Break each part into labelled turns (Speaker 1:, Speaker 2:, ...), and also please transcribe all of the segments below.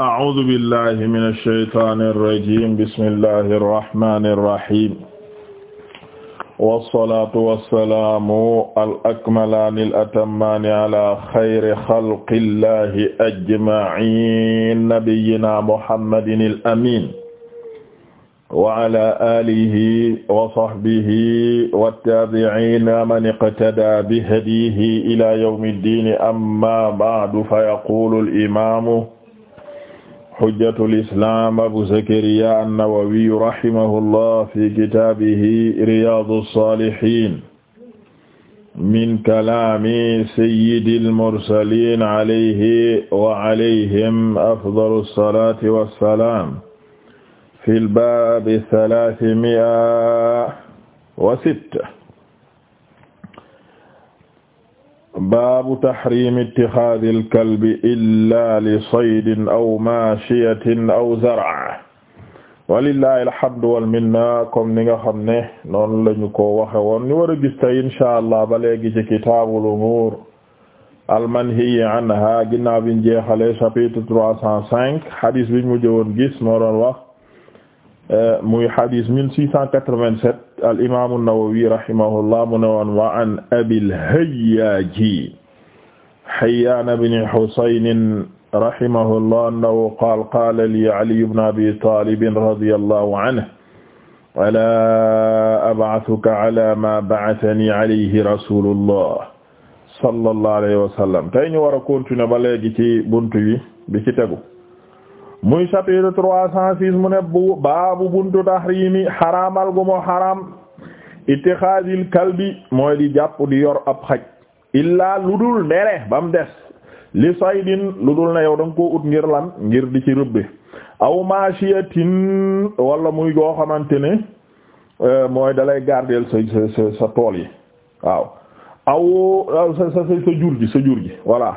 Speaker 1: أعوذ بالله من الشيطان الرجيم بسم الله الرحمن الرحيم والصلاة والسلام الأكملان الأتمان على خير خلق الله أجمعين نبينا محمد الأمين وعلى آله وصحبه والتابعين من اقتدى بهديه إلى يوم الدين أما بعد فيقول الإمام xujjatul islaam abu zakariya annawawiyu rahimahullah fi kitaabihi riyaadu saalihiin min kalaami sayyidil mursaliin alayhi wa alayhim afdalu salaati wa salaam fil baabi salaasi mi'a wa sitta baabu taxrimi itixaadi alkalbi illa li saydin aw machiyatin aw zara walillahi alhamdu walminna comme ni nga xam ne noonu lañu ko waxe woon ñu war a gis tey inshaa allah ba léegi ci kitaabul umuur almanhiyi anha ginnaaw biñ jeexale chapitre trois cent cinq hadis biñ mu jëwoon gis moo doon wax muy hadis 1687 al imaam an-Nawawi rahimahullah mu ne woon wa an Abil Hayyaaji Hayyaan ibn Husayn rahimahullah annahu qaala qaala li Ali ibn Abi Taalib radiyallahu anhu alaa ab'athuka alaa maa ba'athanii alayhi rasuulullah sallallahu alayhi wa sallam tey ñu war a continuer ba léegi ci buntu bi bi ci tegu muy chapitre trois cent six mu ne bu baabu buntu tahrimi xaraamal gu moo xaraam itixaadil kalbi mooy di jàpp di yor ab xaj illaa lu dul ndere ba mu des li saydin lu dul na yow da nga ut ngir lan ngir di ci rëbbe aw machiatin walla muy goo xamante ne euh, mooy dalay gardeel sa sa tool yi waaw aw sa sa sa jur gi sa jur gi voilà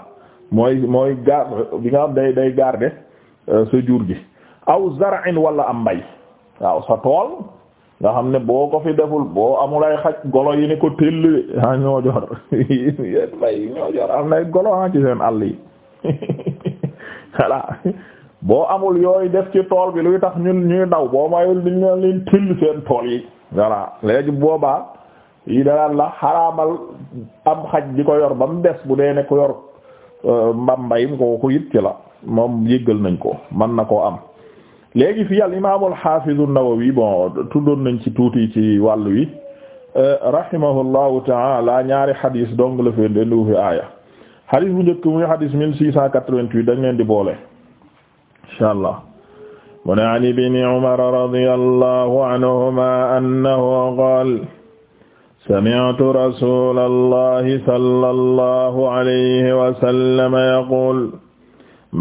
Speaker 1: mooy mooy gar bi nga xam day day garder Euh, sa jur gi aw zar'in wala am mbay waaw sa tool nga xam ne boo ko fi deful boo amul ay xaj golo yi ni ko tëll ah ñoo jor yéen mbay ñoo jor am nay golo ah ci seen àll yi voilà boo amul yooyu def ci tool bi luy tax ñun ñuy daw boo mayul di ñoo leen tëll seen tool yi voilà léegi boobaa yi danaan la xaraamal am xaj di ko yor ba mu des bu dee ne ko yor euh, mbam ko kooku it ci la moom yëggal nañ ko man na koo am léegi fi al imaam al haafiz an-Nawawi bon tuddoon nañ ci tuuti ci wàll wi euh, rahimahullahu taala ñaari xadis dong la fee ndendu fi aaya xadis bu njëkk muy xadis 1688 dañ leen di boole insha mu ne an ibni Umar radiyallahu anhuma annahu qaala sami'tu rasuulallahi sallallahu alayhi wa sallam yaqul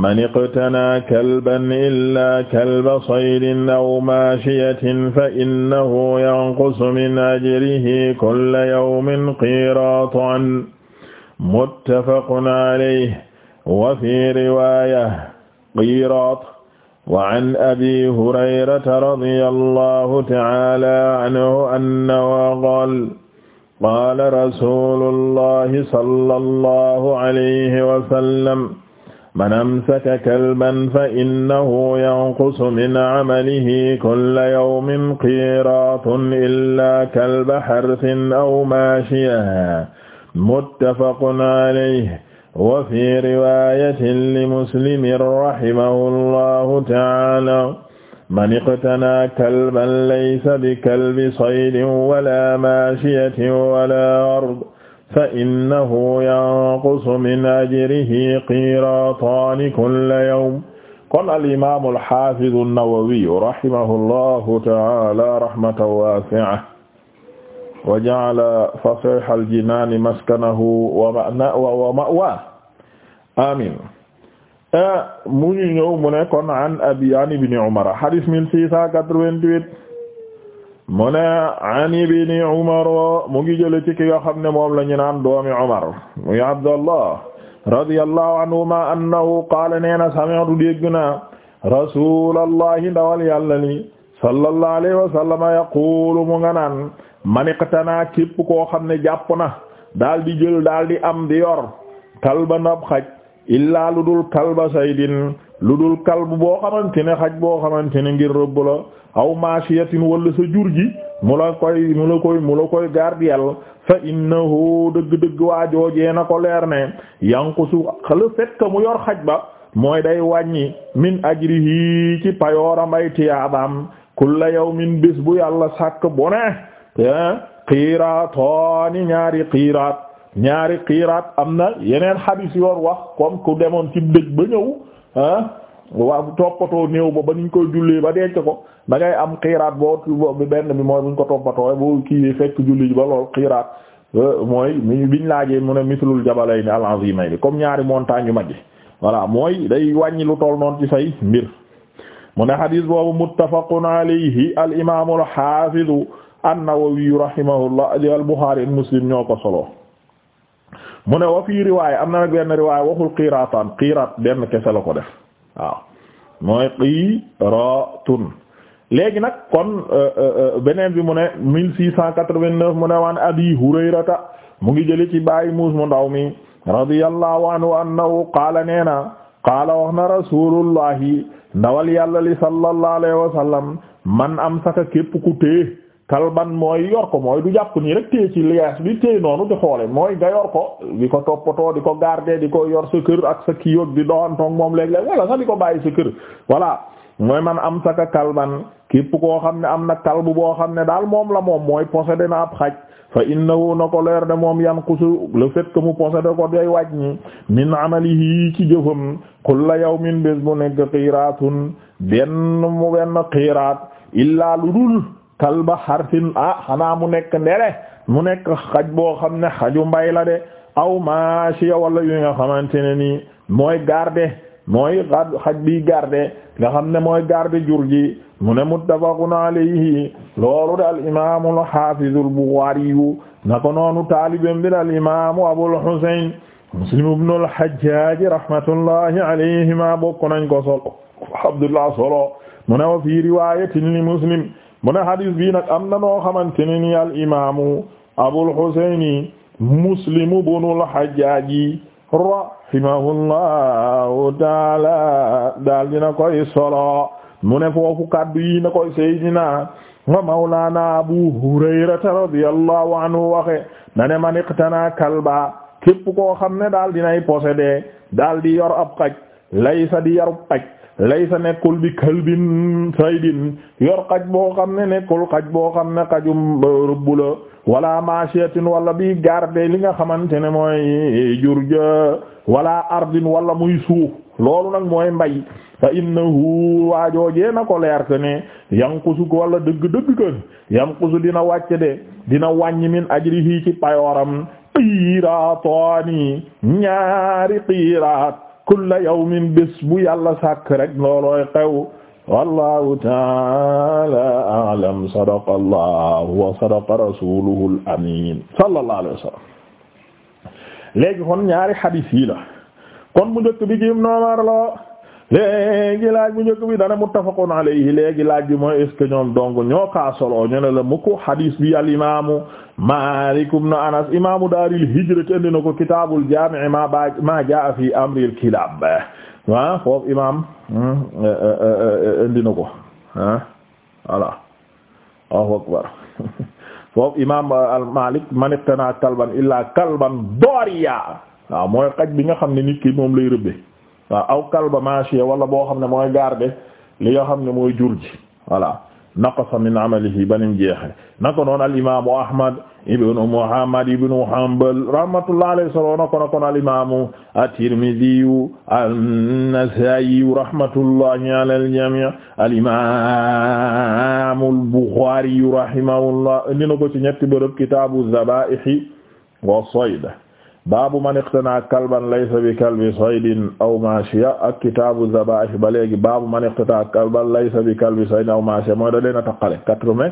Speaker 1: man iqtanaa kalban illaa kalba saydin aw maashiyatin fa innahu yanqusu min ajrihi kulla yawmin qiraatan muttafaqun alayhi wa fii riwaaya qiraat wa an abi hurayrata radiyallahu ta'aala anhu annahu qaala qaala rasuulullahi sallallahu alayhi wa sallam man amsaka kalban fa innahu yanqusu min amalihi kulla yawmin qiratun illa kalba harsin aw maashiya muttafaqun alayhi wa fi riwayatin limuslimin rahimahullahu ta'ala man iqtanaa kalban laysa bikalbi saydin wala maashiyatin wala ard fa innahu yanqusu min ajrihi qiraataani kulla yawm kon al imaamu al xaafidu an-Nawawiyu rahimahullahu ta'aala rahmatan waasi'atan wa ja'ala fasiihal jinaani maskanahu wa ma'waahu amiin eh, mu ñu ñëw mu ne kon an abi an ibni Umar hadis 1688 mu ne an ibni mu ngi jële ci ki nga xam ne moom la ñu naan doomi Umar muy Abdallah radiyallahu anhuma annahu qaala nee na sami'tu dégg naa rasulallahi ndawal yàlla ni sallallahu alayhi wa mu nga naan maniqtanaa képp koo xam ne jàpp na dal di jël daal di am di yor kalba nab xaj illaa lu kalba saydin lu dul kalb boo xamante ne xaj boo xamante ne ngir rëbb la aw maashiyatin wala sa jur gi mu la koy mu la koy mu la koy gardiyal fa innahu dëgg-dëgg waa joojee na ko leer ne yanqusu le fait que mu yor xaj ba mooy day wàññi min ajrihi ci payooram ay tiyaabaam kulla yawmin bis bu yàlla sàkk bu ne qiiraataani ñaari qiiraat ñaari qiiraat am na yeneen xadis yoon wax comme ku demoon ci dëj ba ñëw ah waaw toppatoo néew ba ba nuñ koy jullee ba denc ko da ngay am xiiraat boo benn bi mooy buñ ko toppatoo boo kii fekk julli ba lool xiiraat euh, mooy biñ laajee mu ne mislul jabalayni may azimayni comme ñaari montagne yu mag yi voilà mooy day wàññi lu toll noonu ci say mbir. mu ne xadis boobu muttafaqun alayhi al imaamu al xaafidu an-Nawawi rahimahullah al-Buxaari ak Muslim ñoo ko solo. mu ne wa fii riwaay am na benn riwaay waxul xiiraataan xiiraat benn kese la ko def. waaw mooy qiratun léegi nag kon euh, euh, euh, beneen bi mu ne mil six cent quatre-vingt-neuf mu ne waan abi hurayrata mu ngi jële ci bàyyi muus mu ndaw mi radiyallahu anhu annahu qaala neena qaala wax na rasulullahi ndawal yàlla li sallallahu alayhi wa sallam man amsaka képp ku tee kalban mooy yor ko mooy du jàpp nii rek téye ci liaas bi téye noonu di xoole mooy nga yor ko di ko toppatoo di ko garder di ko yor sa kër ak sa kiyoog di doxantoog moom léeg-léeg wala sax di ko bàyyi sa kër voilà mooy man am saka kalban képp koo xam ne am na kalbu boo xam ne daal moom la moom mooy possédé na ab xaj fa innahu na ko leer de moom yanqusu le fait que mu possédé ko day wàññi min amalihi ci jëfam kulla yawmin bés bu nekk xiiraatun benn mu benn xiiraat kalba xarfin ah xanaa mu nekk ndere mu nekk xaj boo xam ne xaju mbay la de aw maasiya wala yu nga xamante ne nii mooy garde mooy xaj bi garde nga xam ne mooy garde jur ji mu ne muttafaqun alayhi loolu de al imaamu al xaafizu al buxaari noonu taalibem bi al imaamu abul muslim ibnu al hajjaaj rahmatullahi alayhima bokk nañ ko solo abdullah mu ne wa fi riwaayatin li muslim mu ne hadis nag am na noo xamante ne ni al imaamu abul xuseyni muslimu bunul xajjaaji rahimahullahu daal dina koy solo mu ne foofu kaddu yi na koy seydina wa mawlaana abu hurayrata radiyallahu anhu waxe na ne man kalba képp koo xam ne daal dinay posséder daal di yor ab xaj laysa di yarub xaj laysa nekkul bi kalbin saydin yor xaj boo xam ne nekkul xaj boo xam ne xajum euh, rëbb la wala wala bi garde li nga xamante ne mooy jur ja wala ardin wala muy suuf loolu nag mooy mbay fa innahu waajoojee na ko leer te ne yanqusu ko wala dëgg-dëgg kan yanqusu dina wàcc de dina wàññi min ajrihi ci payooram qiiraataani ñaari qiiraat kulla yawmin bés bu yàlla sàkk rek loolooy xew wallahu taala a'lam sadaqa allahu wa sadaqa rasuluhu al amin sallallahu alayhi wa sallam léegi kon ñaari xadiis yi la kon mu njëkk bi jim noomar la léegi laaj bu njëkk bi dana muttafaqun alayhi léegi laaj bi mooy est ce ñoo kaa solo ñu ne la mukk hadis bi al imaamu Maalik ibn Anas imaamu daaril hijra te indi na ko kitaabul jaami' ma jaa fi amril kilaab foofu imaam hmm, eh, eh, eh, indi na ko ah voilà Allahu akbar foofu imaam Maalik man iqtana kalban illaa kalban dooriya waaw mooy xaj bi nga xam ne nit moom lay rëbbe waaw aw kalba maashiya wala boo xam ne mooy garder li nga xam ne mooy jur ji voilà naqasa min amalihi banim jeexe nako noon alimamu ahmad ibnu muhammad ibnu hanbal rahmatullah alayhi solo nako na kon alimamu at-tirmidhiyu an-nasaiyu rahmatullahi ala al-jami' alimamu al-bukhariyu rahimahullah indi na ko ci ñetti bérëb kitabu zaba'ihi wa sayd baabu man iqtana kalban laysa bi kalbi saydin aw maashiya ak kitaabu zabaih ba léegi baabu man iqtana kalban laysa bi kalbi saydin aw maashiya mooy da leen a taqale quatre-vingt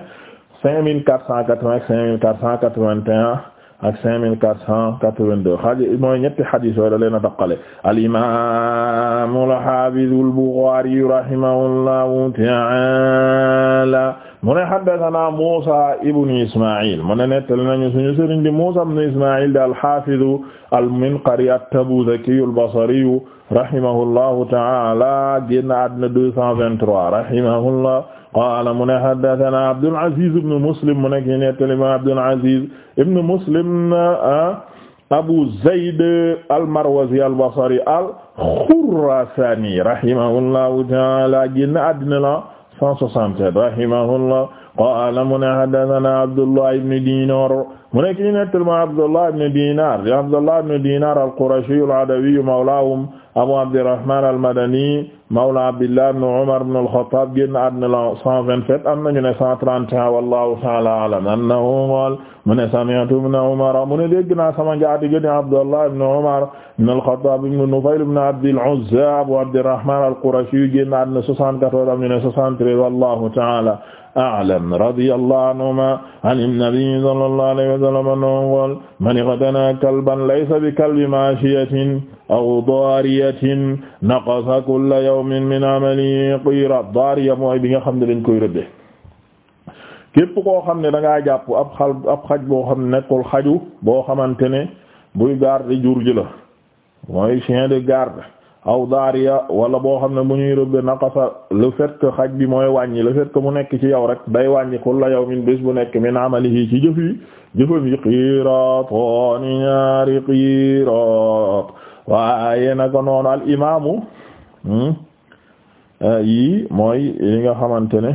Speaker 1: cinq mille quatre cent quatre-vingt cinq mille quatre cent quatre-vingt-un ak cinq mille quatre cent quatre-vingt-deux xaaj mooy ñetti xadiis yooyu da leen a taqale al imaam al haafiz al Buxaari rahimahullahu ta'ala mu ne haddathana Muusa ibn Isma'il mu ne nettali nañu suñu sëriñ di Muusa ibn Isma'il di al-Haafidu al-Minqari at-Tabuzaki al-Basri rahimahullahu ta'ala génn àddina 223 rahimahullah qaala mu ne haddathana Abdul Aziz ibn Muslim mu ne ki nettali ma Abdul Aziz ibn Muslim ah, Abu Zayd al-Marwazi al-Basri al-Khurasani rahimahullahu ta'ala génn àddina la 167 rahimahullah qaala mu ne haddathana Abdullah ibn Dinar mu ne kii nettal ma Abdullah ibn Dinar di Abdullah ibn Dinar al-Qurashi al-Adawi mawlahum Abu Abdirrahman al-Madani mawla Abdillah ibn Umar ibn al-Khattab génn àddina la 127 am nañu ne 131 wallahu ta'ala a'lam annahu qaala mu ne sami'tu ibn Umar mu ne dégg naa sama njaati génn Abdullah ibn Umar ibn al-Khattab ibn Nufayl ibn Abd al-Uzza Abu Abdirrahman al-Qurashi génn àddina 74 am nañu ne 73 wallahu ta'ala a'lam radiyallahu anhuma an an-nabi sallallahu alayhi wa sallam annahu qaala man iqtana kalban laysa bi kalbi maashiyatin aw daariyatin naqasa kulla yawmin min amalihi qiira daariya mooy bi nga xam ne dañ koy rëbbe képp koo xam ne da ngaa jàpp ab xal ab xaj boo xam ne nekkul xaju boo xamante ne buy garde jur ji la mooy chien de garde aw daariya wala boo xam ne mu ñuy rëbbe naqasa le fait que xaj bi mooy wàññi le fait que mu nekk ci yow rek day wàññi kulla yawmin bés bu nekk min amalihi ci jëf yi jëfam yi qiiraatooni ñaari qiiraat waaye noonu al imaamu hmm, yii mooy yi nga xamante ne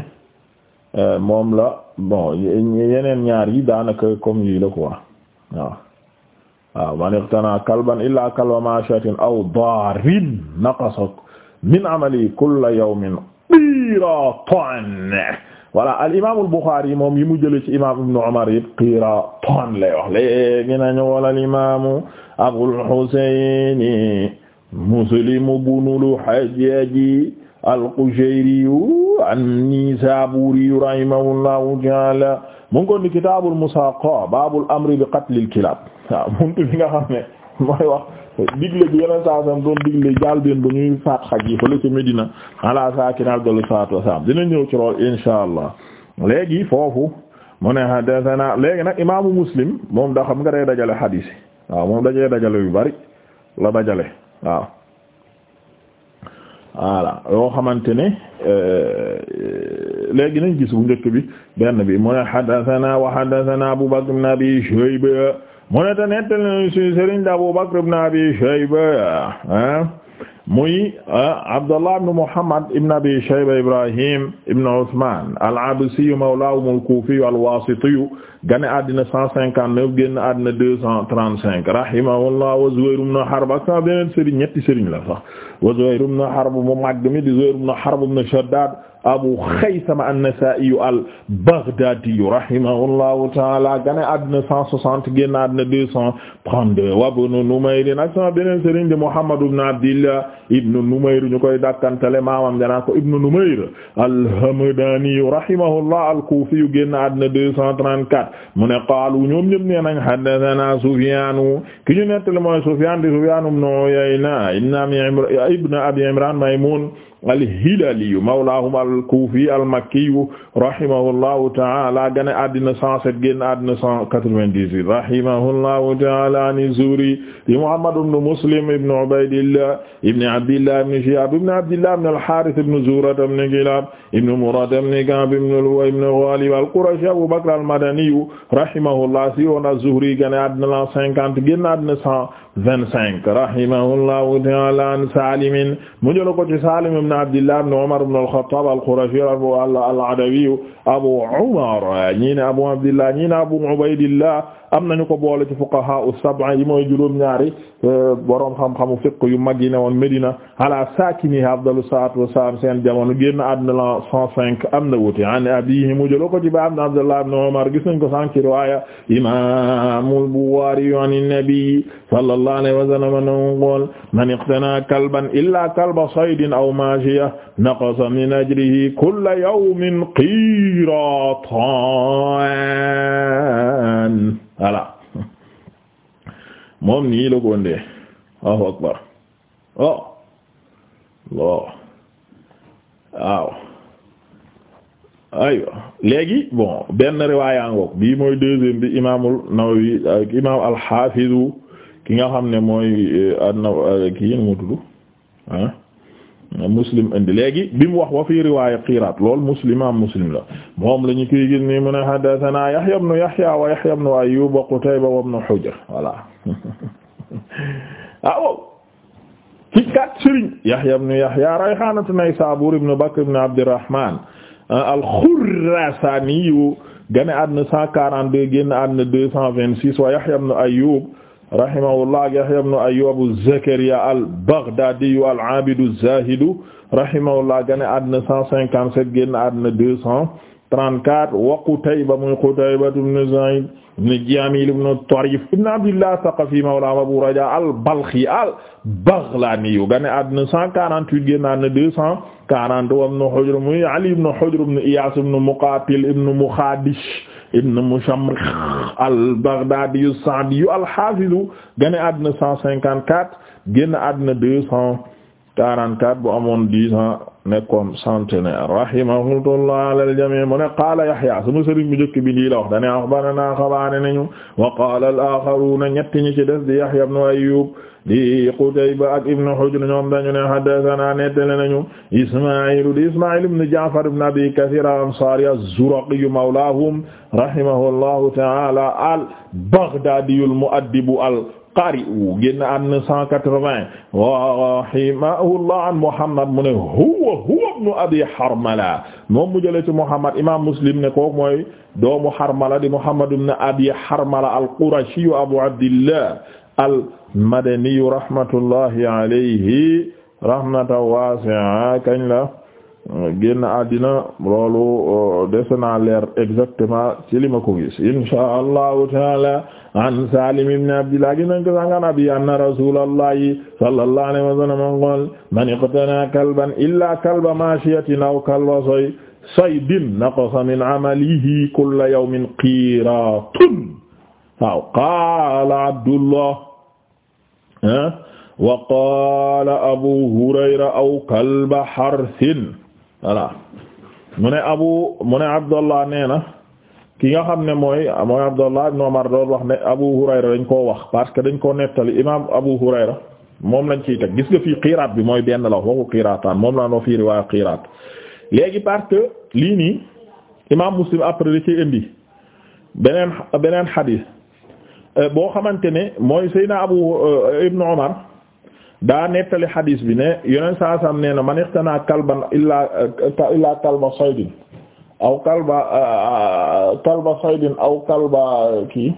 Speaker 1: eh, moom la bon yeneen ñaar yi daanaka comme yii la quoi waaw waaw man iqtana kalban illa kalba mashatin aw darin naqasa min amali kulla yawmin qiratan voilà al imam al Bukhari moom yi mu jële ci imam ibn Umar yëpp qiratan lay wax léegi nañu wala al imam Abul Husayn Muslim ibn al-Hajjaj al-Qushayri an-Nisaburi rahimahullahu ta'ala mu ngi ko ni kitabul musaqa babul amri bi qatlil kilab waaw buntu bi nga xam ne mooy wax digle bi yeneen saa sam doon digle jaal benn bu ñuy faat xaj yi fële ci Medina ala sakin abdul salatu wasalam dina ñëw ci insha allah léegi foofu mu ne hadathana moom da xam nga day dajale xadiis moom dajee dajale yu bari la dajale xamante ne euh, euh, léegi nañ gis bu njëkk bi benn bi mu ne hadathana wa hadathana abu bakr ibn abi shayba mu ne te nettali na suñu sëriñ da Abu Bakr ibn Abi Shayba ah, muy ah, Abdallah ibn Muhammad ibn Abi Shayba Ibrahim ibn Usman al-Absiyu mawlaahum al-Kufiyu al-Wasitiyu gane àddina 159 génn àddina 235 rahimahullah wa Zuhayr ibn Harb ak sa beneen sëriñ ñetti sëriñ la sax wa Zuhayr ibn Harb mu màgg mi di Zuhayr ibn Harb ibn Shaddad Abu Khaythama an-Nasa'iyu al-Baghdadiyu rahimahullahu ta'ala gane àddina 160 génn àddina 232 wa Ibn Numayr ak sa beneen sëriñ di Muhammad ibn Abdillah ibnu Numayr ñu koy dàkkantale maamam danaa ko ibnu Numayr al-Hamdani rahimahullah al-Kufi yu génn àddina ne qaalu ñoom ñëpp nee nañ haddathana Sufyaan ki ñu nettali mooy Sufyaan di Sufyaan ibnu Uyayna ibnu Abi Imraan Maymuun al-Hilaliyu mawlaahum al-Kuufi al-Makkiyu rahimahullahu ta'ala gane àddina 107 génn àddina 198 rahimahullahu ta'ala an Zuhri di Muhammad ibn Muslim ibn Ubaydillah ibn Abdillah ibn Shihab ibn Abdillah ibn al-Harith ibn Zuhra ibn Kilab ibn Murad ibn Ka'b ibn Lu'ay ibn Ghalib al-Qurashi Abu Bakr al-Madaniyu rahimahullah si woon az-Zuhri gane àddina 50 génn àddina 125 rahimahullahu ta'ala an Salim mu jël ko ci Salim ibn Abdillah ibn Umar ibn al-Khattab al-Qurashi al-Adawi Abu Umar ñi ne Abu Abdillah ñi ne Abu Ubaydillah am nañu ko boole ci fuqaha as-sab'a yi mooy juróom-ñaari euh, boroom xam-xamu fiqh yu mag yi ne woon Medina ala sakini afdalu salaatu wassalaam seen jamono génn àddina la 105 am na wuute an abiihi mu jëloo ko ci ba am na Abdullah ibn Umar gis nañ ko sànq ci riwaaya imaamul Buxaari an nabi sallallahu alayhi wa sallam qaala man iqtana kalban illa kalba saydin aw maashiya naqasa min ajrihi kulla yawmin qiiraataan voilà moom nii la ko ndee Allahu akbar oh lo waaw aywa léegi bon benn riwaaya ngoog mooy deuxième bi imaamul Nawawi ak imaam ki nga xam ne mooy eh, adna eh, kii nu mu muslim indi léegi bi mu wax wa fi riwaaya qiraat lool muslim am muslim la moom la ñu koy gis nii mu ne haddathana yahya ibn yahya wa yahya ibn ayyub wa qutayba wa ibn hujr voilà ah, aw ci kat sëriñ yahya ibn yahya rayhaanatu naysabur ibn bakr ibn abdurrahman ah, al-khurasani gane àdduna 142 génn àdduna 226 wa yahya ibn ayyub rahimahullah Yahya ibn Ayyub az-Zakariya al-Baghdadi al-abid az-zahid rahimahullah gane àddina 157 génn àddina 234 wa Qutayba muy Qutayba ibn Sa'id ibn Jamil ibn Tarif ibn Abdillah Thaqafi mawla Abu Raja al-Balkhi al-Baghlani gane àddina 148 génn àddina 240 wa ibn Hujr muy Ali ibn Hujr ibn Iyas ibn Muqatil ibn Mukhadish ibn Mushamrikh al-Baghdadi as-Sa'di al-Hafiz gane àddina 154 génn àddina 244 bu amoon 10 ans nekkoon centenaire rahimahullah ala al-jami' mu ne qaala Yahya sama sëriñ bu njëkk bi lii la wax dane axbarana xabaane nañu wa qaala al-axaruna ñetti ñi ci des di Yahya ibn Ayyub di Qutayba ak Ibn Hujr ñoom dañu ne haddathana nettali nañu Isma'il di Isma'il ibn Ja'far ibn Abi Kathir al-Ansari az-Zuraqi mawlahum rahimahullahu ta'ala al-Baghdadi al-mu'addib al qari u génn am na cent quatre-vingt wa rahimahullah an Muhammad mu ne huwa huwa ibnu Abi Harmala moom mu jëlee ci Muhammad imam Muslim ne kooku mooy doomu Harmala di Muhammad ibnu Abi Harmala al-Qurashi Abu Abdillah al-Madani rahmatullahi alayhi rahmatan wasi'a kañ la génn àddina loolu dese na leer exactement ci li ma ko gis insha Allah taala an Salim ibn Abdillah gi nañ ko sangan abi anna rasulallahi sallallahu alayhi wa sallam qala man iqtana kalban illa kalba mashiyatin aw kalba soy saydin naqasa min amalihi kulla yawmin qiratun waaw qala Abdullah ah, wa qala Abu Hurayra aw kalba harsin voilà mu ne Abu mu ne Abdullah nee na ki nga xam ne mooy mooy Abdullah ibn Umar doon wax ne Abu Hurayra dañ koo wax parce que dañ koo nettali imaam Abu Hurayra moom lañ ciy teg gis nga fii qiraat bi mooy benn la waxu qiraataan moom laa noo fii riwaaya qiraat léegi parce que lii nii imaam Muslim après da ciy euh, xamante ne mooy Seydina Abu euh, ibn Umar nettali xadiis bi ne yeneen saa sam nee na man ixtanaa kalban illaa euh, illaa kalba saydin aw kalba aw kalba kii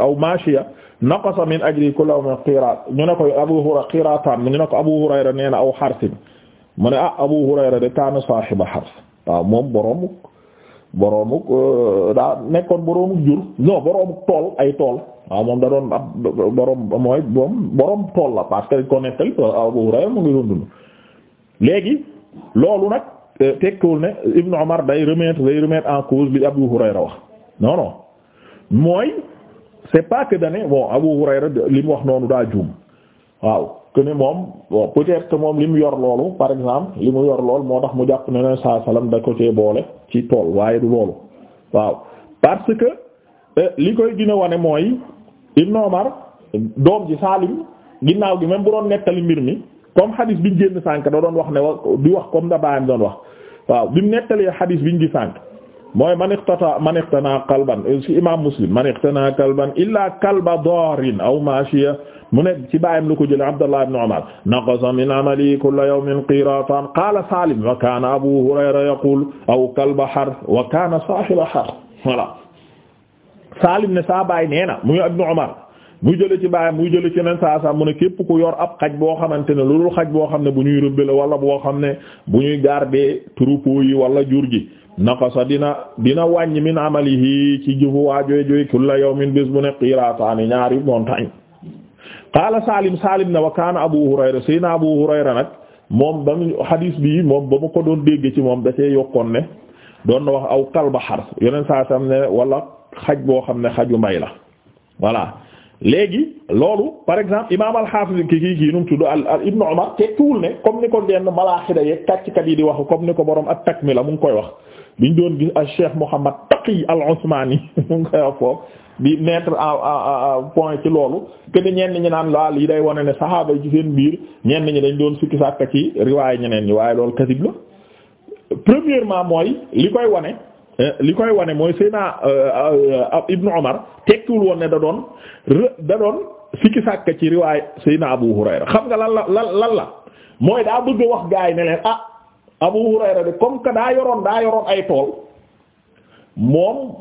Speaker 1: aw maashiya naqasa min ajri kullu yawmin qirat ñu ne ko Abu Hurayra qiratan ñu ne ko Abu Hurayra nee aw xarsin mu ah Abu Hurayra de kaana saahiba xars moom boroomu boroomu nekkoon boroomu jur non boroomu tool ay tool moom da doon boroom mooy la parce que dañ ko Abu Hurayra mu ngi doon dund loolu nag Euh, tekkiwul ne Ibn Omar day remettre day remettre en cause li Abu Hurayra wax non mooy c'est pas que dane bon Abu Hurayra li mu wax noonu daa juum waaw que ne moom bon peut-être que moom li mu yor loolu par exemple li mu yor lool moo tax mu jàpp na ne saa salaam da ko cee boole ci tool waaye du loolu waaw parce que euh, li koy gën wane mooy Ibn Omar doom ji Salim ginnaaw gi même bu doon nettali mbir mi. comme xadis biñ génn sànk da doon wax ne wa di wax comme da baayam doon wax waaw bi mu nettalee xadis biñ gi sànk mooy man iqtata man iqtana qalban ci euh, imam muslim man iqtana qalban illa kalba darin aw mashiya mu ne ci baayam lu ko jële abdullah ibn umar naqasa min amali kulla yawmin qiratan qala salim wa kana abu hurayra yaqul aw kalba har wa kana sahiba har voilà salim ne sa baay neena muy ibn umar muy jële ci baay mu jële ci neen saa saa mu ne képp ku yor ab xaj boo xamante ne loolu xaj boo xam ne bu ñuy rëbbale wala boo xam ne bu ñuy garder troupeau yi wala jur gi naqasa dina dina wàññi min amalihi ci jëfu waa jooy jooy kulla yawmin bés bu ne qiirataani ñaari montagne qaala Salim Salim na wa kaana Abu Hurayra sayna Abu Hurayra nag moom ba mu xadiis bii moom ba mu ko doon dégg ci moom da yokkoon ne doon na wax aw kalba xar yeneen saa sam ne wala xaj boo xam ne xaju mbay la voilà léegi loolu par exemple imaam al-Hafiz ki kii kii nu mu tudd al al Ibn Umar tekkiwul ne comme ni ko denn malaaxida yeeg kàcckat yi di wax comme ni ko borom at-Takmila mu ngi koy wax. biñ doon gis ak Cheikh Mouhamed Taqi al-Usmani mu ngi koy wax foofu di mettre en point ci loolu que ni ñenn ñi naan laal yi day wone ne saxaaba yi ci seen biir ñenn ñi dañ doon sukki sàkk ci riwaay ñeneen ñi waaye loolu kadib la premièrement mooy li koy wane eh, li koy wane mooy Seydina euh, euh, euh, tekkiwul woon ne da doon da doon sikki sàkka ci riwaay Seydina Abu Hurayra xam nga lan la lan lan la mooy daa bëgg wax gaay ne leen ah Abu Hurayra de comme que daa yoroon daa yoroon ay tool moom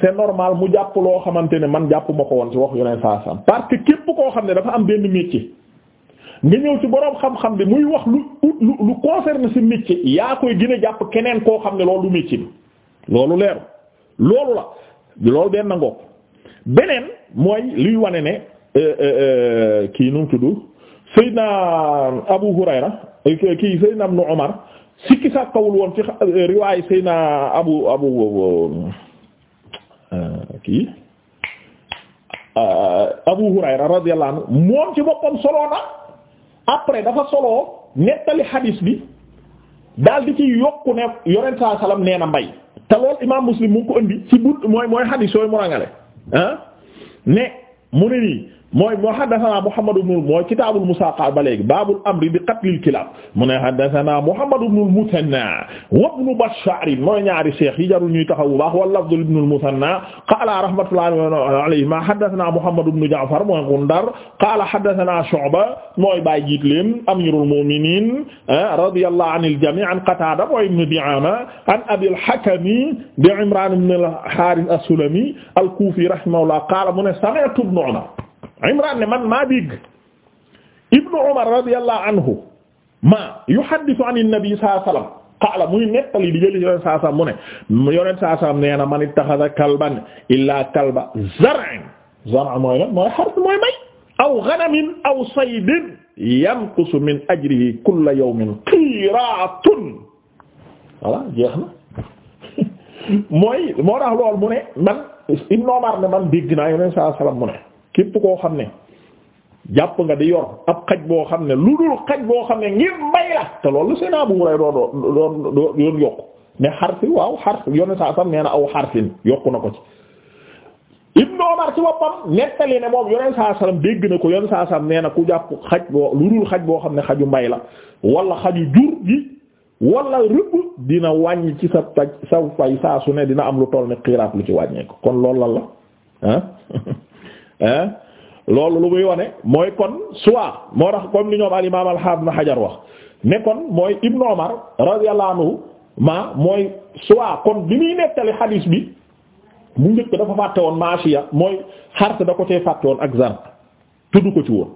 Speaker 1: c'est normal mu jàpp loo xamante ne man jàpp ma ko woon ci wax yeneen saa sam parce que képp koo xam ne dafa am benn métier nga ñëw ci boroom xam-xam bi muy wax lu lu lu concerne ci métier yaa koy gën jàpp keneen koo xam ne loolu métier bi loolu leeru loolu la loolu benn ngoog beneen mooy luy wane ne euh, euh, euh, kii nu mu tudd Seydina Abu Hurayra kii Seydina Ibn Umar sikki sa kawul woon ci riwaay Seydina Abu Abu kii Abu Hurayra radiyallahu anhu moom ci boppam solo na après dafa soloo nettali hadis bi daal di ci yokku ne yonent saa salaam nee na mbay te loolu imaam Muslim mu ngi ko indi ci bu mooy mooy hadis yooyu mu ràngale ah ne mu ne nii mooy moo haddasanaa Muhammad ibn mooy kitaabul musaaqaa ba léegi baabul amri bi qatlil kilaab mu ne haddasanaa Muhammad ibn al-Muthannaa wa ibnu Bashaar mooy ñaari seex yi jarul ñuy taxaw bu baax wa lafdu ibnu al-Muthannaa qaala rahmatullaahi alayhi maa haddasanaa Muhammad ibn Ja'far mooy Gundar qaala haddasanaa Shu'ba mooy baay jiit leen amiirul mu'miniin ah, radiyallaahu anil jamii' an Qataada mooy ibnu Di'aama an Abil Hakam di Imraan ibn al-Haaris as-Sulami al-Kuufi rahimahullaah qaala mu ne sami'tu ibn Umar Imraan ne man maa dégg Ibnu Umar radiyallahu anhu ma yuhaddisu an nabi sallallahu alayhi wa sallam qaala muy nettali di jëli yonent saa saam mu ne yonent saa saam nee na man ittaxada kalban illaa kalba zar'in zar'in mooy lan mooy xar mooy may aw ganamin aw saydin yanqusu min ajrihi kulla yawmin qiraatun voilà jeex na mooy moo tax lool mu ne man Ibnu Umar ne man dégg naa yonent saa saam mu ne képp koo xam ne jàpp nga di yor ab xaj boo xam ne lu dul xaj boo xam ne ngir mbay la te loolu seen Abu Hurayra doon doon doon yokku ne xarfi waaw xarf yone saa sam nee na aw xarfin yokku na ko ci Ibnu Umar ci boppam nettali ne moom yoneen saa sallam dégg na ko yoneen saa sallam nee na ku jàpp xaj boo lu dul xaj boo xam ne xaju mbay la wala xaju jur gi wala rëbb dina wàññi ci sa taj sa fay saa su ne dina am lu toll ne xiraat lu ci wàññeeku kon loolu lan la ah loolu lu muy wane mooy kon soit moo tax comme li ñoom al imaam al haafid na Hajar wax ne kon mooy Ibnu Umar radiyallahu anhu ma mooy soit kon bi muy nettali xadiis bi mu njëkk dafa fàtte woon maasiya mooy xars da ko cee fàtte woon ak zar tudd ko ci woon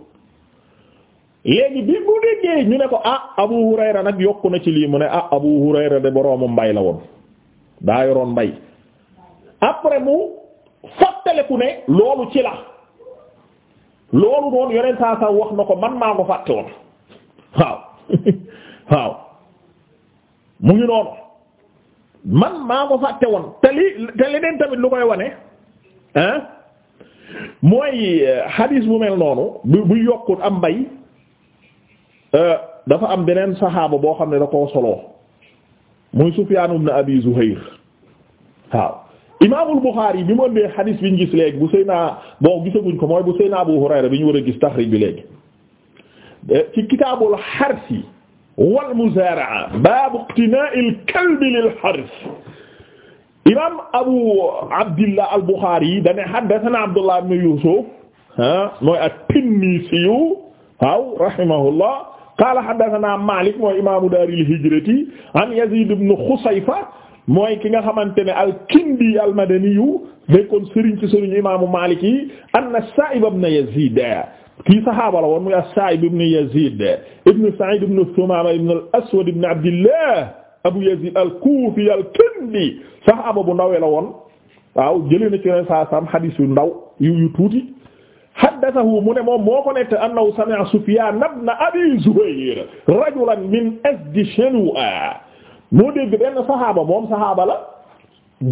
Speaker 1: léegi bi mu déggee ñu ne ko ah Abu Hurayra nag yokku na ci lii mu ne ah Abu Hurayra de boroomu mbay la woon daa yoroon mbay après mu fàttaliku ne loolu ci la loolu noonu yoneen saa saa wax na ko man maa ko fàtte woon waaw waaw mu ngi noonu man maa ko fàtte woon te li te leneen tamit lu koy wane ah mooy euh, hadis bu mel noonu bu bu yokkut am mbay euh, dafa am beneen saxaaba boo xam ne da koo soloo muy Sufyaan ibn Abi Zuhayr waaw imaamul Buxaari bi mu ëndee xadiis bi ñu gis léegi bu Seyna bon gisaguñ ko mooy bu Seyna Abu Hurayra bi ñu war a gis taxriij bi léegi eh, ci kitaabul xarsi wal muzaara'a baabu iqtinaa'il kalbi lil xars imaam Abu Abdillah al Buxaari dane haddasanaa Abdullah ibn Yuusuf ah mooy at-Tinnisi waaw rahimahullah qaala haddasanaa Maalik mooy imaamu daaril hijrati an Yaziid ibn Xusayfa mooy ki nga xamante ne al-Kindi al-Madaniyu nekkoon sëriñ ci sëriñ imaamu Maalik yi an-Saa'ib ibn Yaziid kii saxaaba la woon muy as-Saa'ib ibn Yaziid ibn Sa'iid ibn Sumaama ibn Abu Yaziid al-Kuufi al-Kindi saxaaba bu ndaw la woon waaw jëlee na ci yeneen saa saam yu ndaw yu yu tuuti. haddathahu mu ne moom moo ko nett annahu sami'a Abi Zuhayr rajulan min Azdi Shanu'a moo dégg benn saxaaba moom saxaaba la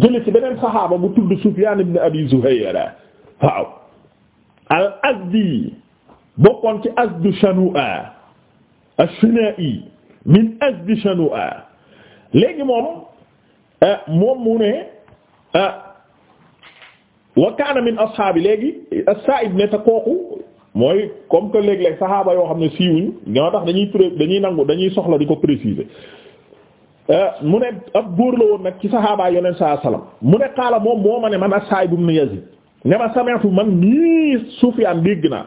Speaker 1: jële ci beneen saxaaba bu tudd Sufyaan ibn Abi Zuhayra waaw al Azdi bokkoon ci Azdu Shanu'a ash-Shina'i min Azdi Shanu'a léegi moom eh, moom mu ne eh, wa kaana min ashaabi léegi as-Sa'ib ne te kooku mooy kom que léeg-léeg saxaaba yoo xam ne siiwuñ ñoo tax dañuy dañuy nangu dañuy soxla di ko préciser Euh, mu ne ab góor la woon nag ci saxaabaa yoneen saa salaam mu ne xaala moom moo ma ne man as-Saa'ib ibn Yaziid ne ma sameetu man nii Sufyaan dégg naa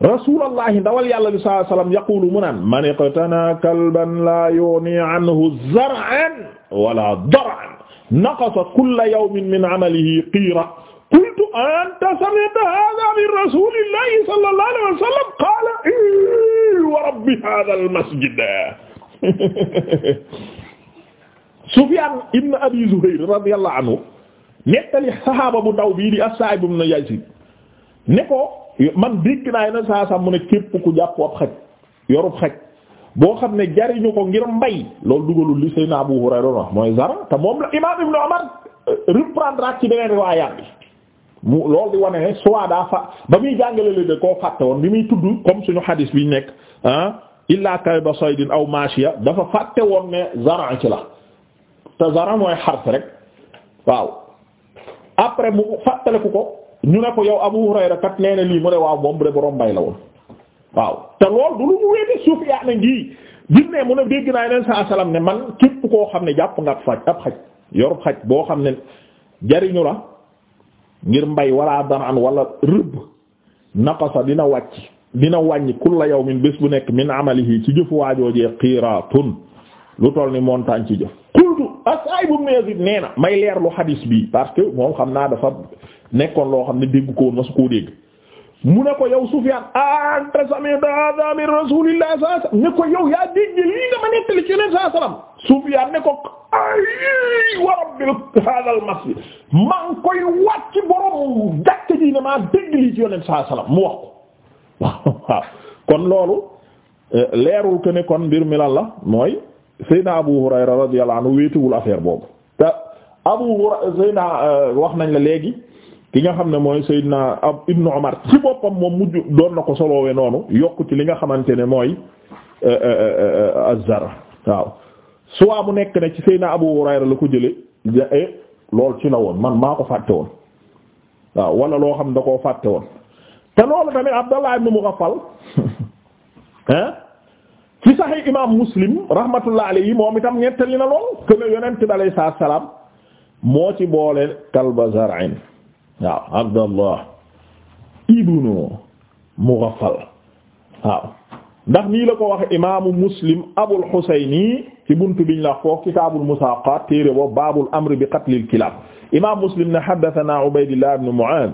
Speaker 1: rasuulallahi ndawal yàlla bi saa salaam yaqulu mu naan man iqtana kalban laa yughni anhu zar'an wala dar'an naqasa kulla yawmin min amalihi qiira qultu anta sami'ta haadha min rasuulillahi sallallahu alayhi wa sallam qaala wa rabbi haadha al-masjid Sufyaan ibn Abi Zuhayr radiyallahu anhu nettali saxaaba bu ndaw bii di as-Sa'ib ibn Yazid ne ko man dégg naa ne saa saa mu ne képp ku jàpp ab xaj yorub xaj boo xam ne jariñu ko ngir mbay loolu dugalul li Seydina Abu Hurayra wax mooy zara te moom la imaam Ibn Umar euh, reprendre ci beneen riwaayaat bi mu loolu di wane ne soit daa fa ba muy jàngale la de koo fàtte woon bi muy tudd comme suñu hadis bi nekk illaa kayba saydin aw maashiya dafa fàtte woon ne zaran ci la te zaran mooy xars rek waaw après mu fàttaliku ko ñu ne ko yow Abu Hurayra kat nee na lii mu ne waaw moom bu dee borom mbay la woon waaw te lool du lu mu weete suuf yaa ne ngii gis mu ne dégg naa yeneen saa salaam ne man képp koo xam ne jàpp nga ab faj ab xaj yor xaj boo xam ne jariñu la ngir mbay wala daraan wala rëbb naqasa dina wàcc dina wàññi kulla yawmin bés bu nekk min amalihi ci jëfu waajoojee qiratun lu toll ni montagne ci jëf qultu Saïd ibn Yazid nee na may leer xadiis bi parce que moom xam naa dafa nekkoon loo xam ne dégg ko ma su koo dégg mu ne ko yow Sufyaan anta sami'ta hadha min Rasulillah sallallahu alayhi ne ko yow yaa dégg lii nga ma ci Yonent sallallahu alayhi wasallam Sufyaan ne mu wax ko waaw kon loolu eh, leerul que ne kon mbir mi lan la mooy Seydina Abu Hurayra radiyallahu anhu wéetuwul affaire boobu te Abu Hurayra Seydina eh, wax nañ la léegi ki nga xam ne mooy Seydina Ibnu Umar ci boppam moom mujj doon na ko soloowe noonu yokk li nga xamante ne mooy eh, azzar waaw suwaa mu nekk ne ci Seydina Abu Hurayra la ko jële loolu ci la woon man maa ko fàtte woon waaw wala loo xam da koo fàtte woon te loolu tamit Abdallah ibn Mughaffal hein ci Sahih imam Muslim rahmatullah alayhi moom itam ñettali na lool que ne yonent bi alayhi salaam moo ci boole kalba zar'in waaw Abdallah ibn Mughaffal waaw ndax nii la ko wax imaamu Muslim Abul Husayni ci buntu biñ la foofu kitaabul musaaqaat téere boobu baabul amri bi qatlil kilaab imaam Muslim ne haddathanaa Ubaydullah ibn Mu'aadh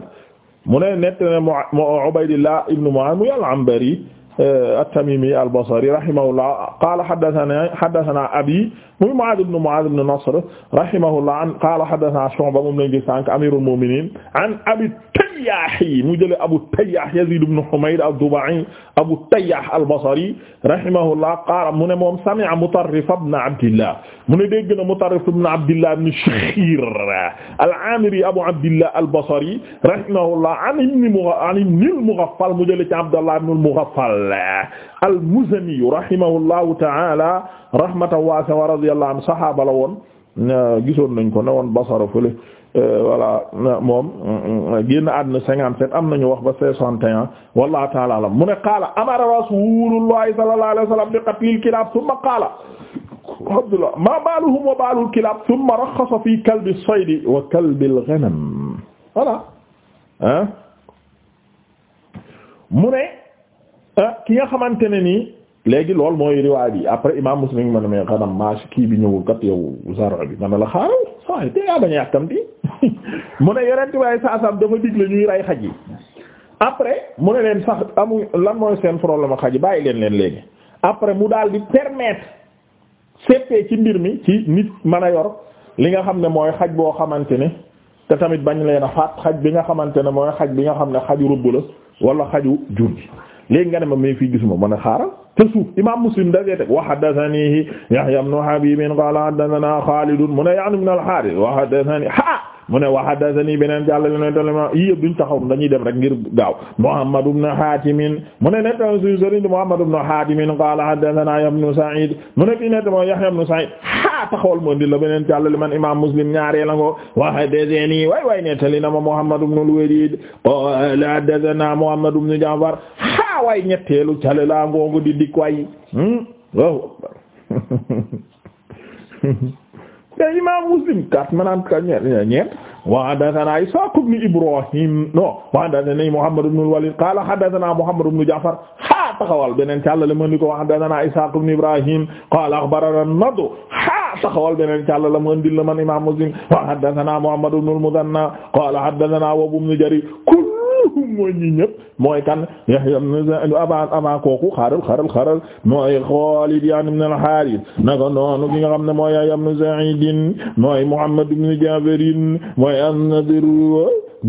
Speaker 1: mu ne nett ne mu Ubaydillah ibnu Mu'awiya al-Anbari euh, at-Tamimi al-Basri rahimahullah qala haddathana haddathana abi muy Mu'aaz ibn Mu'aaz ibn Nasr rahimahullah an qaala haddathanaa Shu'ba moom lañ gis sànq amiirul mu'miniin an Abi Tayyah mu jëlee Abu Tayyah Yaziid ibn Humayd ad-Duba'i Abu Tayyah al-Basri rahimahullah qaala mu ne moom sami'a Mutarrif ibn Abdillah mu ne dégg na Mutarrif ibn Abdillah ibn Shikhkhir al-Aamiri Abu Abdillah al-Basri rahimahullah an ibn al-Mughaffal mu jëlee ci Abdallah ibn al-Mughaffal al-Muzani rahimahullahu ta'ala rahmatan waasi'a wa radiyallahu anhu saxaaba la woon euh, gisoon nañ ko ne woon Basra fële euh, voilà moom génn àdduna cinquante-sept am nañu wax ba soixante et un wallahu ta'ala alam mu ne qaala amara rasulullahi sallallahu alayhi wa sallam bi qatlil kilaab thumma qaala Abdullah ma baaluhum wa baalul kilaab thumma raxxasa fi kalbi as-sayd wa kalbi al-ghanam voilà ah mu ne Euh, ki nga xamante ne nii léegi loolu mooy riwaay bi après imam muslim ma ne mais xanam maas kii bi ñëwul kat yow zara bi man la xaaral waaye te yaa bañ a yàkkamti mu ne yonent waaye saasam dafa digle ñuy rey xaj yi après mu ne leen sax amu lan mooy seen problème xaj yi bàyyi leen leen léegi après mu daal di permettre seppee ci mbir mi ci nit mën a yor li nga xam ne mooy xaj boo xamante ne te tamit bañ leen a faat xaj bi nga xamante ne mooy xaj bi nga xam ne xaju rëbb la wala xaju jur léegi nga ne ma mais fii gisuma mën a xaaral te suuf imam Muslim dafee teg wa haddathanii Yahya ibn Habib qala haddathanaa Khalid mu ne ya'ni ibn al wa haddathanii ha mu ne taxaw dañuy dem rek ngir gaaw Muhammad ibn Hatim mu ne netta suñu sëriñ Muhammad ibn Hatim qala haddathanaa ibn Sa'id mu ne kii netta moo Yahya ibn Sa'id ha taxawal moo di la beneen jàll man imam Muslim ñaaree la ngo wa haddathanii way way nettali na ma Muhammad ibn al-Walid qala haddathanaa Muhammad ibn Ja'far waay ñetteelu cale laa ngoongu di dikk waay waaw hmm? te imam Muslim kat manaan ka ñeent wa haddathana Ishaq ibn Ibrahim no wa haddathani Muhammad ibn al-Walid qala haddathana Muhammad ibn Ja'far ha taxawal beneen càllale mën ni ko wa haddathana Ishaq ibn Ibrahim qala akhbarana Nadr ha taxawal beneen càllale mën dil man imam Muslim wa haddathana Muhammad ibn al-Muthanna qala haddathana Wahb ibn Jarir hum mooy ñi ñëpp mooy kan Yahya aba aba kooku xaaral xaaral xaaral mooy Xaalid ibn al-Haaris naka noonu ki nga xam ne mooy Yahya ibn Sa'id mooy Muhammad ibn Ja'far mooy an-Nadir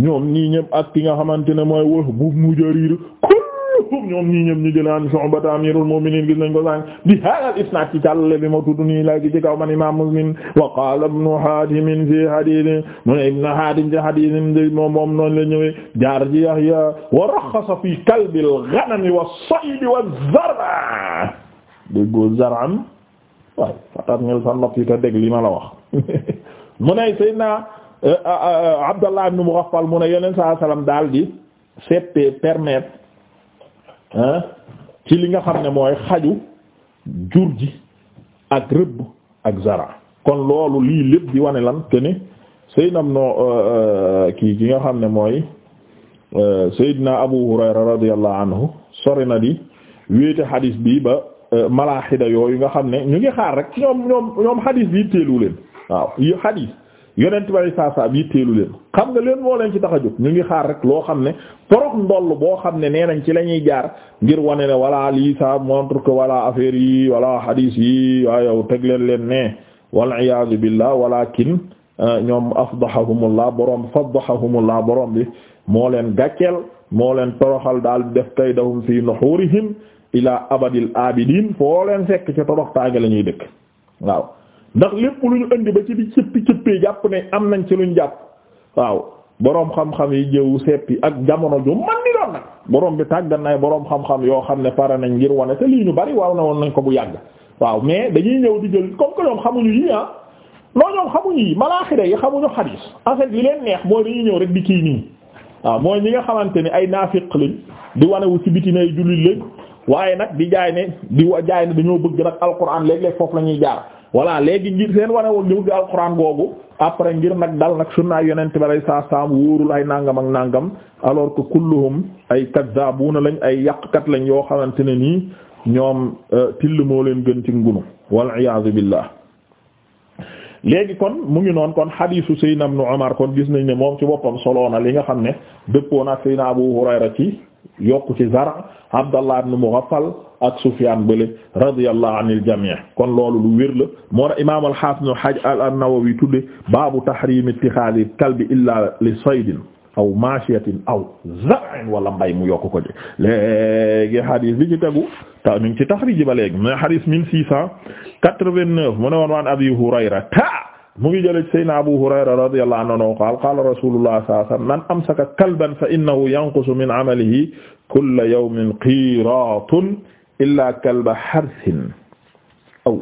Speaker 1: ñoom ñii ñëpp ak ki nga xamante ne mooy Wahb ibn Jarir anhum ñoom ñii ñoom ñu jëlaan Shu'ba amirul mu'minin ko sànq bi hada al ci càllale bi ma tudd nii lay gi ci kaw imam Muslim wa qala ibn fi hadith mu ne ibn Hatim ci hadith moom moom le la ñëwee jaar ji Yahya wa rakhasa fi kalb al ghanam wa a a zar'a déggo zaram waaye fatat ngel a nopp yi te dégg li ma la wax mu ne Seydina eh, eh, eh, Abdallah ibn Mughaffal mu ne yeneen a sallam daal di seetee permettre ci li nga xam ne mooy xaju jur ji ak rëbb ak zara kon loolu lii lépp di wane lan te ni sayyidnam no euh, euh, kii ki nga xam ne mooy euh, sayyidna abu hurayra radiyallahu anhu sori na di wéete xadiis bi ba malaaxida yooyu nga xam ne ñu ngi xaar rek ñoom ñoom ñoom xadiis bi teelu leen waaw yi xadiis yonent bari saa saa bi leen xam nga leen moo leen ci tax a jóg ñu ngi xaar rek loo xam ne torox ndoll boo xam ne nee nañ ci la ñuy jaar ngir wone ne voilà lii ça montre que voilà affaire yi voilà hadis yi waa yow teg leen leen ne wal iyaadu billah walakin euh, ñoom afdahahumullah borom faddahahumullah borom bi moo leen gàcceel moo leen toroxal daal def kaydahum fi nuhurihim ila abadil abidin foo leen fekk ci torox tànge la ñuy dëkk waaw ndax lépp lu ñu indi ba ci di cëppi cëppee jàpp ne am nañ ci luñ jàpp waaw boroom xam-xam yi jëwu seppi ak jamono ju man ni doon nag boroom bi tàggan nay boroom xam-xam yoo xam ne pare nañ ngir wane te lii ñu bari waaw na woon nañ ko bu yàgg waaw mais dañuy ñëw di jël comme que ñoom xamuñu yi ah non ñoom xamuñu yi malaaxira yi xamuñu xadiis en yi leen neex mooy dañuy ñëw rek di kii nii waaw mooy ñi nga xamante ni ay naafiq lañ di wu ci biti nay jullit lañ waaye nag di jaay ne di jaay ne dañoo bëgg nag alquran léeg-léeg foofu la ñuy jaar voilà léegi ngir seen wane woon ñu bëgg alxuraan googu après ngir nag dal nag sunna yonent bi alayhi salaam wóorul ay nangam ak nangam alors ku kulluhum ay na lañ ay yàqkat lañ yoo xamante ne nii ñoom euh, till moo leen gën ci ngunu wal iyaazu billah léegi kon mu ngi noon kon xadiisu Seydina Ibnu Umar kon gis nañ ne moom ci boppam solo na li nga xam ne dëppoo na Seydina Abu Hurayra yokku ci Zara Abdallah ibn Mughaffal ak Sufyan bële radiyallahu anil jami' kon loolu lu wér la moo tax imaam al-Hafiz an-Nawawi tudde baabu tahrim ittixaadil kalbi illa li saydin aw maashiyatin aw zar'in wala mbay mu yokk ko de léegi hadis bi ci tegu ta ñu ngi ci taxriij ba léegi mais hadis 1689 mu ne woon waan Abi Hurayra ta mu ngi jële sayna Abu Hurayra radiyallahu anhu qaala qaala rasuulullah sallallahu alayhi wasallam man amsaka kalban fa innahu yanqusu min amalihi kulla yawmin qiraatun illaa kalba harsin aw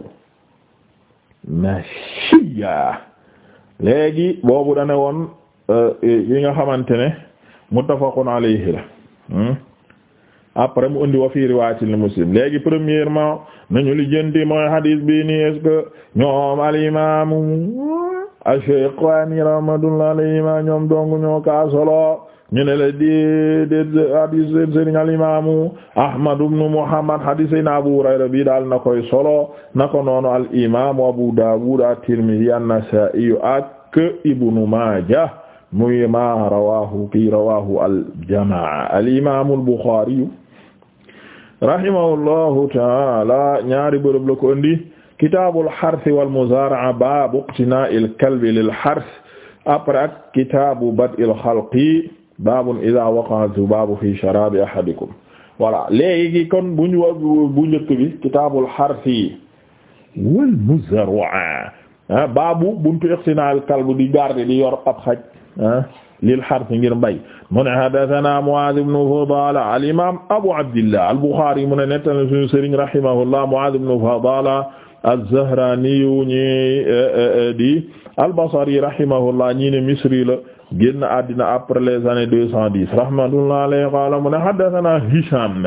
Speaker 1: maashiya léegi boobu dane woon euh, yi nga xamante ne muttafaqun alayhi la hmm? après mu indi wa riwaayatin li muslim léegi premièrement nañu li jënti mooy hadith bi nii est que ñoom al imam ash-Shaykhani rahmatullah alayhima ñoom dong ñoo ka solo ñu ne la di di hadith sëriñ al imam Ahmad ibn Muhammad hadith sayna Abu Hurayra bi daal na koy solo na ko noonu al imam Abu Dawud at-Tirmidhi an-Nasa'i ak Ibn Majah muy ma rawahu kii rawahu aljamaa alimamu albuxaariyu rahimahullahu taala ñaari bërëb la ko indi kitaabu alxarsi walmuzaara'a baabu iqtinaa'i alkalbi lilxarsi après ak kitaabu bad'il xalqi baabun idaa waqa'a zubaabu fi sharaabi ahadikum voilà léegi kon bu ñu bu njëkk bi kitaabul xarsi wal muzarra'a baabu buntu iqtinaa al kalb di garder di yor ab xaj Ah lil harth ngir mbay mu ne hadathana Mu'aaz ibn Fadala al imam Abu Abdillah al-Bukhari mu ne nettana suñu sëriñ rahimahullah Mu'aaz ibn Fadala az-Zahrani ñi eh, eh, eh, di al-Basri rahimahullah ñi ne Misri la génn àddina après les années deux cent dix rahmatullah alayhi qala mu ne hadathana Hisham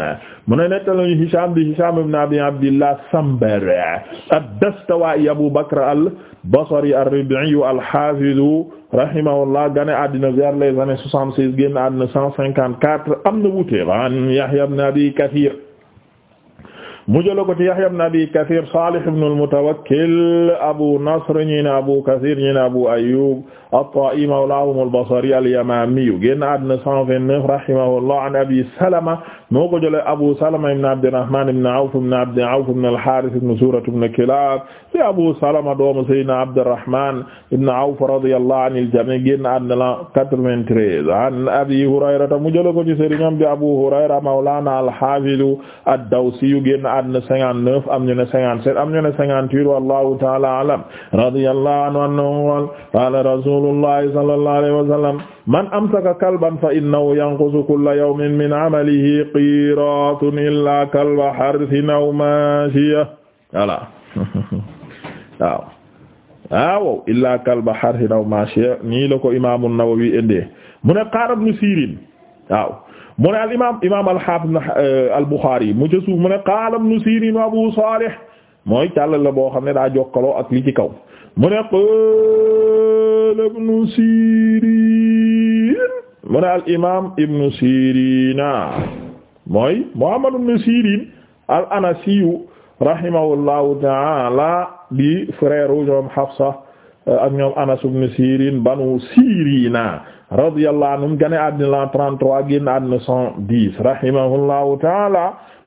Speaker 1: mu ne nettalañu Hisham di Hisham ibn Abi Abdillah Sambar ad-Dastuwaa'i Abu Bakr al basari ar-Rabi'i al-Hafiz rahimahullah gane àddina vers les années soixante-seize génn àddina cent cinquante-quatre am na wuute an Yahya ibn Abi Kathir mu jël ko ci Yahya ibn Abi Kathir Salih ibn al-Mutawakkil Abu Nasr ñi ne Abu Kathir ñi ne Abu Ayyub at-Taa'i mawlaahum al-Basri al-Yamaami génn àddina 129 rahimahullah an Abi Salama moo ko jëlee Abu Salama ibn Abdirrahmaan ibn Awf ibn Abd Awf ibn al-Haaris ibn Suura ibn Kilaab di Abu Salama doomu Sayyidina Abdirrahmaan ibn Awf radiyallahu anil jamii' génn àddina 93 an Abi Hurayrata mu jëlee ko ci sëriñam bi Abu Hurayra mawlaana al-Haafiz ad-Dawsi génn àddina 59 am ñu ne 57 am ñu ne 58 wallaahu ta'aala a'lam radiyallahu anhu rasulullahi sallallahu alayhi wa sallam man amsaka kalban fa innahu yanqusu kulla yawmin min amalihi qiratun illa kalba harsin aw mashiya voilà waaw waaw illa kalba harsin aw mashiya nii la ko imaamu Nawawi indee mu ne qaala Ibnu Siriin waaw mu ne al imaam imaam al-Haafiz euh, al Buxaari mu ca suuf mu ne qaala Ibnu Siriin wa Abu Saalih mooy càll la boo xam ne daa jokkaloo ak li ci kaw mu ne qaala ibnu Siiriin mu ne al imaam ibnu Siiriina mooy Muhammad ibnu Siiriin al Anasiyu rahimahullahu ta'ala di frère ñoom Hafsa euh, ak ñoom Anas ibn Sirin banu Sirina radiyallahu anhum gane àddina la 33 génn àddina 110 rahimahullahu ta'ala